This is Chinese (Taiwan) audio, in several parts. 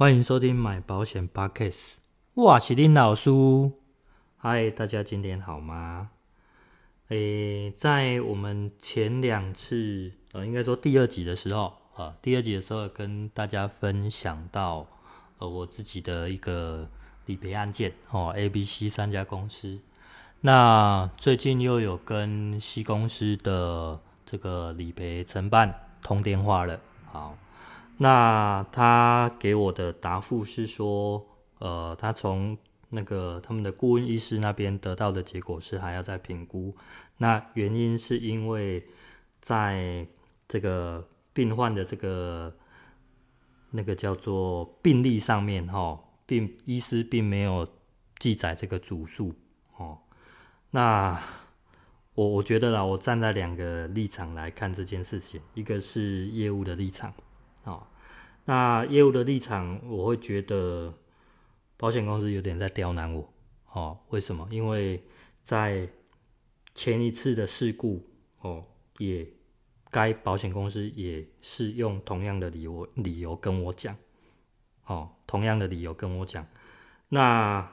歡迎收聽買保險 podcast 哇，我是林老師。嗨，大家今天好嗎？誒，在我們前兩次，呃，應該說第二集的時候，啊、呃，第二集的時候跟大家分享到，呃，我自己的一個理賠案件 A B、呃、C 三家公司，那最近又有跟 C 公司的這個理賠承辦通電話了，好、哦。那他給我的答覆是說，呃，他從那個他們的顧問醫師那邊得到的結果是還要再評估。那原因是因為在這個病患的這個那個叫做病歷上面，哈，並醫師並沒有記載這個主訴哦，那我我覺得啦，我站在兩個立場來看這件事情，一個是業務的立場。哦，那業務的立場，我會覺得保險公司有點在刁難我。哦，為什麼？因為在前一次的事故，哦，也該保險公司也是用同樣的理由理由跟我講，哦，同樣的理由跟我講。那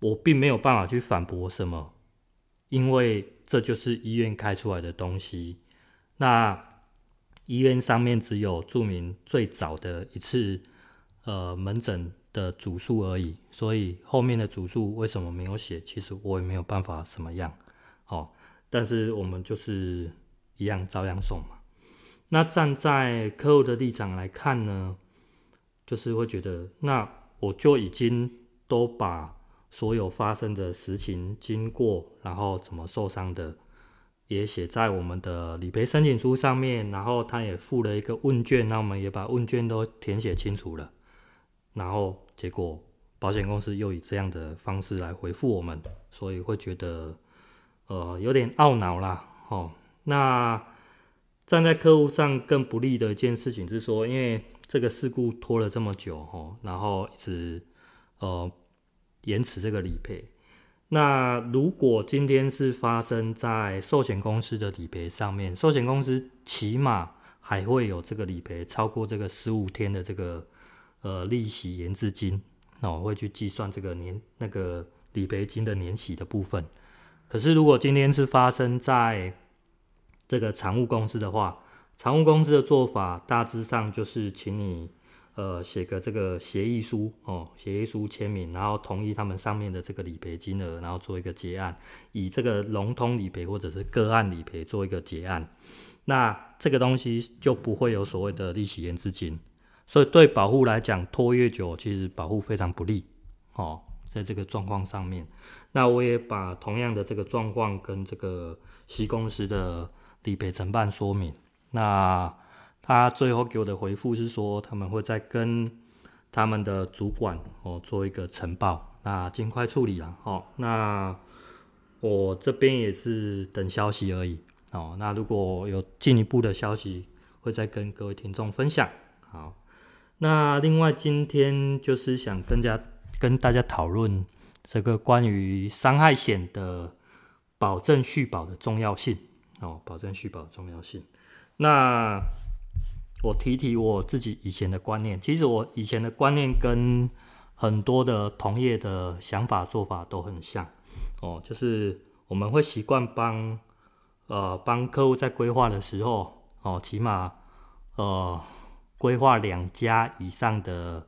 我並沒有辦法去反駁什麼，因為這就是醫院開出來的東西。那。醫院上面只有註明最早的一次，呃，門診的主訴而已，所以後面的主訴為什麼沒有寫？其實我也沒有辦法怎麼樣，哦，但是我們就是一樣，照樣送嘛。那站在客戶的立場來看呢，就是會覺得，那我就已經都把所有發生的事情經過，然後怎麼受傷的，也寫在我們的理賠申請書上面，然後他也附了一個問卷，那我們也把問卷都填寫清楚了，然後結果保險公司又以這樣的方式來回復我們，所以會覺得呃有點懊惱啦，吼。那站在客戶上更不利的一件事情是說，因為這個事故拖了這麼久，吼，然後一直呃延遲這個理賠。那如果今天是發生在壽險公司的理賠上面，壽險公司起碼還會有這個理賠超過這個十五天的這個呃利息延滯金，那我會去計算這個年那個理賠金的年息的部分。可是如果今天是發生在這個產物公司的話，產物公司的做法大致上就是請你。呃，寫個這個協議書哦，協議書簽名，然後同意他們上面的這個理賠金額，然後做一個結案，以這個融通理賠或者是個案理賠做一個結案，那這個東西就不會有所謂的利息延滯金，所以對保戶來講，拖越久其實保戶非常不利哦，在這個狀況上面，那我也把同樣的這個狀況跟這個西公司的理賠承辦說明那。他最後給我的回復是說，他們會再跟他們的主管哦做一個呈報，那盡快處理啦。好、哦，那我這邊也是等消息而已。哦，那如果有進一步的消息，會再跟各位聽眾分享。好，那另外今天就是想跟大家討論這個關於傷害險的保證續保的重要性哦，保證續保的重要性。那我提提我自己以前的觀念，其實我以前的觀念跟很多的同業的想法做法都很像，哦，就是我們會習慣幫呃幫客戶在規劃的時候，哦，起碼呃規劃兩家以上的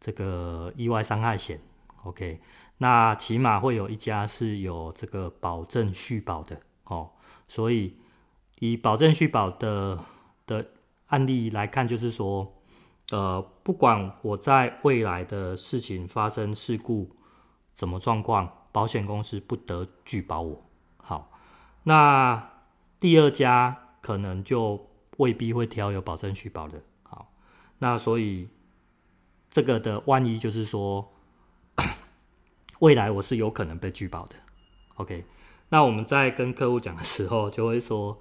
這個意外傷害險，OK，那起碼會有一家是有這個保證續保的，哦，所以以保證續保的的。案例來看，就是說，呃，不管我在未來的事情發生事故，怎麼狀況，保險公司不得拒保我。好，那第二家可能就未必會挑有保證續保的。好，那所以這個的萬一就是說， 未來我是有可能被拒保的。OK，那我們在跟客戶講的時候，就會說，誒、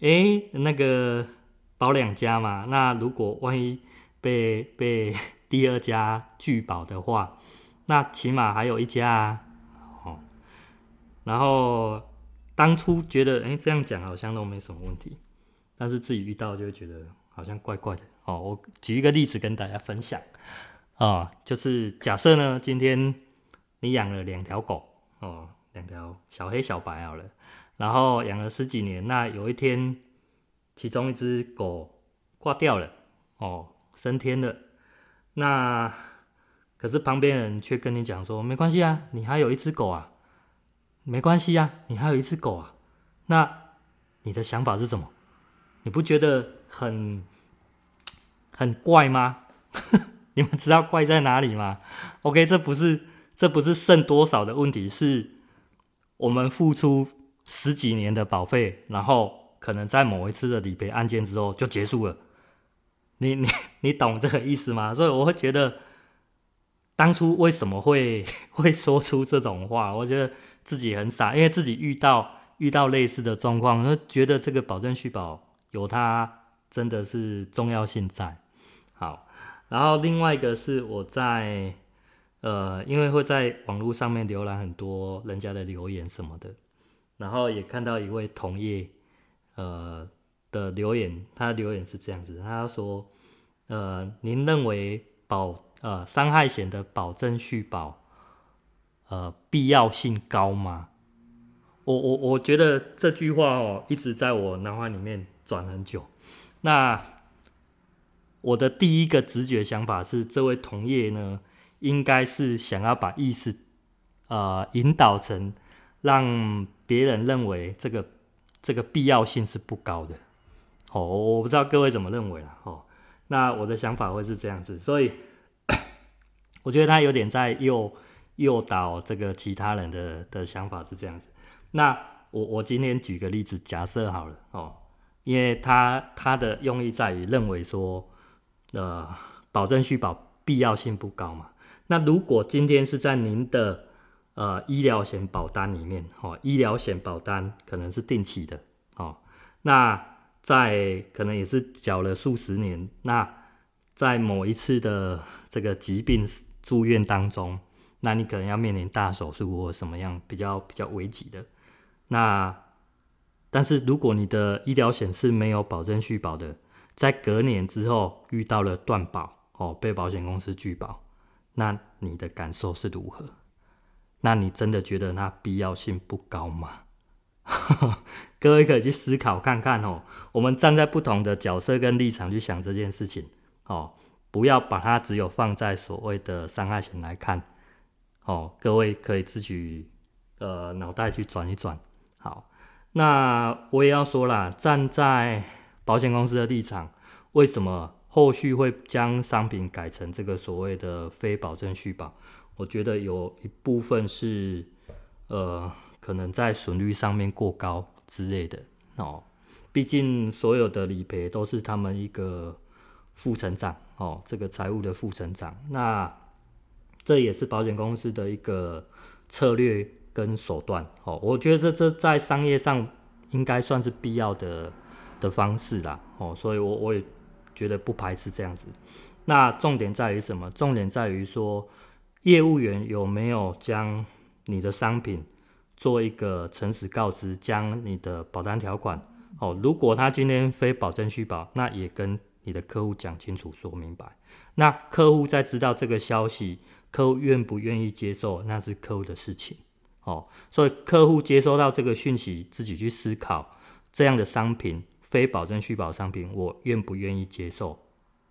欸，那個。保兩家嘛，那如果萬一被被第二家拒保的話，那起碼還有一家、啊、哦。然後當初覺得，誒、欸，這樣講好像都沒什麼問題，但是自己遇到就會覺得好像怪怪的哦。我舉一個例子跟大家分享哦，就是假設呢，今天你養了兩條狗哦，兩條小黑小白好了，然後養了十幾年，那有一天。其中一隻狗掛掉了，哦，升天了。那可是旁邊人卻跟你講說：“沒關係啊，你還有一隻狗啊，沒關係啊，你還有一隻狗啊。那”那你的想法是什麼？你不覺得很很怪嗎？ 你們知道怪在哪裡嗎？OK，這不是這不是剩多少的問題，是我們付出十幾年的保費，然後。可能在某一次的理賠案件之後就結束了你。你你你懂這個意思嗎？所以我會覺得，當初為什麼會會說出這種話，我覺得自己很傻，因為自己遇到遇到類似的狀況，我覺得這個保證續保有它真的是重要性在。好，然後另外一個是我在呃，因為會在網絡上面瀏覽很多人家的留言什麼的，然後也看到一位同業。呃的留言，他的留言是這樣子，他說：“呃，您認為保呃傷害險的保證續保呃必要性高嗎？”我我我覺得這句話哦，一直在我腦海裡面轉很久。那我的第一個直覺想法是，這位同業呢，應該是想要把意思呃引導成讓別人認為這個。這個必要性是不高的，哦，我不知道各位怎麼認為了，哦，那我的想法會是這樣子，所以 我覺得他有點在誘誘導這個其他人的的想法是這樣子。那我我今天舉個例子，假設好了，哦，因為他他的用意在於認為說，呃，保證續保必要性不高嘛，那如果今天是在您的。呃，醫療險保單裡面，哦，醫療險保單可能是定期的，哦，那在可能也是繳了數十年，那在某一次的這個疾病住院當中，那你可能要面臨大手術或什麼樣比較比較危急的，那但是如果你的醫療險是沒有保證續保的，在隔年之後遇到了斷保，哦，被保險公司拒保，那你的感受是如何？那你真的覺得那必要性不高嗎？ 各位可以去思考看看哦。我們站在不同的角色跟立場去想這件事情哦，不要把它只有放在所謂的傷害險來看哦。各位可以自己呃腦袋去轉一轉。好，那我也要說啦，站在保險公司的立場，為什麼後續會將商品改成這個所謂的非保證續保？我覺得有一部分是，呃，可能在損率上面過高之類的哦。畢竟所有的理賠都是他們一個負成長哦，這個財務的負成長。那這也是保險公司的一個策略跟手段哦。我覺得這這在商業上應該算是必要的的方式啦哦。所以我，我我也覺得不排斥這樣子。那重點在於什麼？重點在於說。業務員有沒有將你的商品做一個誠實告知？將你的保單條款，哦，如果他今天非保證續保，那也跟你的客戶講清楚、說明白。那客戶在知道這個消息，客戶願不願意接受，那是客戶的事情。哦，所以客戶接收到這個訊息，自己去思考這樣的商品，非保證續保商品，我願不願意接受？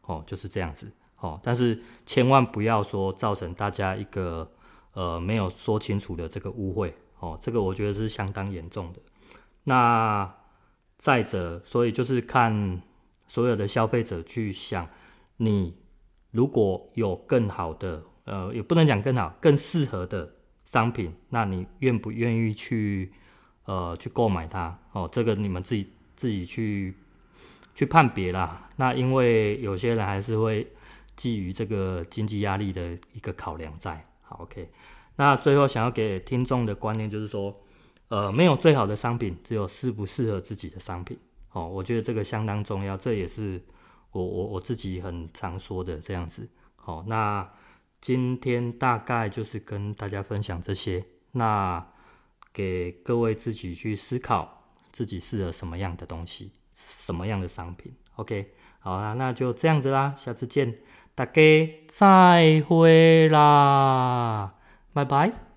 哦，就是這樣子。哦，但是千萬不要說造成大家一個呃沒有說清楚的這個誤會哦，這個我覺得是相當嚴重的。那再者，所以就是看所有的消費者去想，你如果有更好的呃也不能講更好，更適合的商品，那你願不願意去呃去購買它？哦，這個你們自己自己去去判別啦。那因為有些人還是會。基於這個經濟壓力的一個考量，在，在好 OK，那最後想要給聽眾的觀念就是說，呃，沒有最好的商品，只有適不適合自己的商品。好、哦，我覺得這個相當重要，這也是我我我自己很常說的這樣子。好、哦，那今天大概就是跟大家分享這些，那給各位自己去思考自己適合什麼樣的東西，什麼樣的商品。OK，好啊，那就這樣子啦，下次見。大家再會啦，拜拜。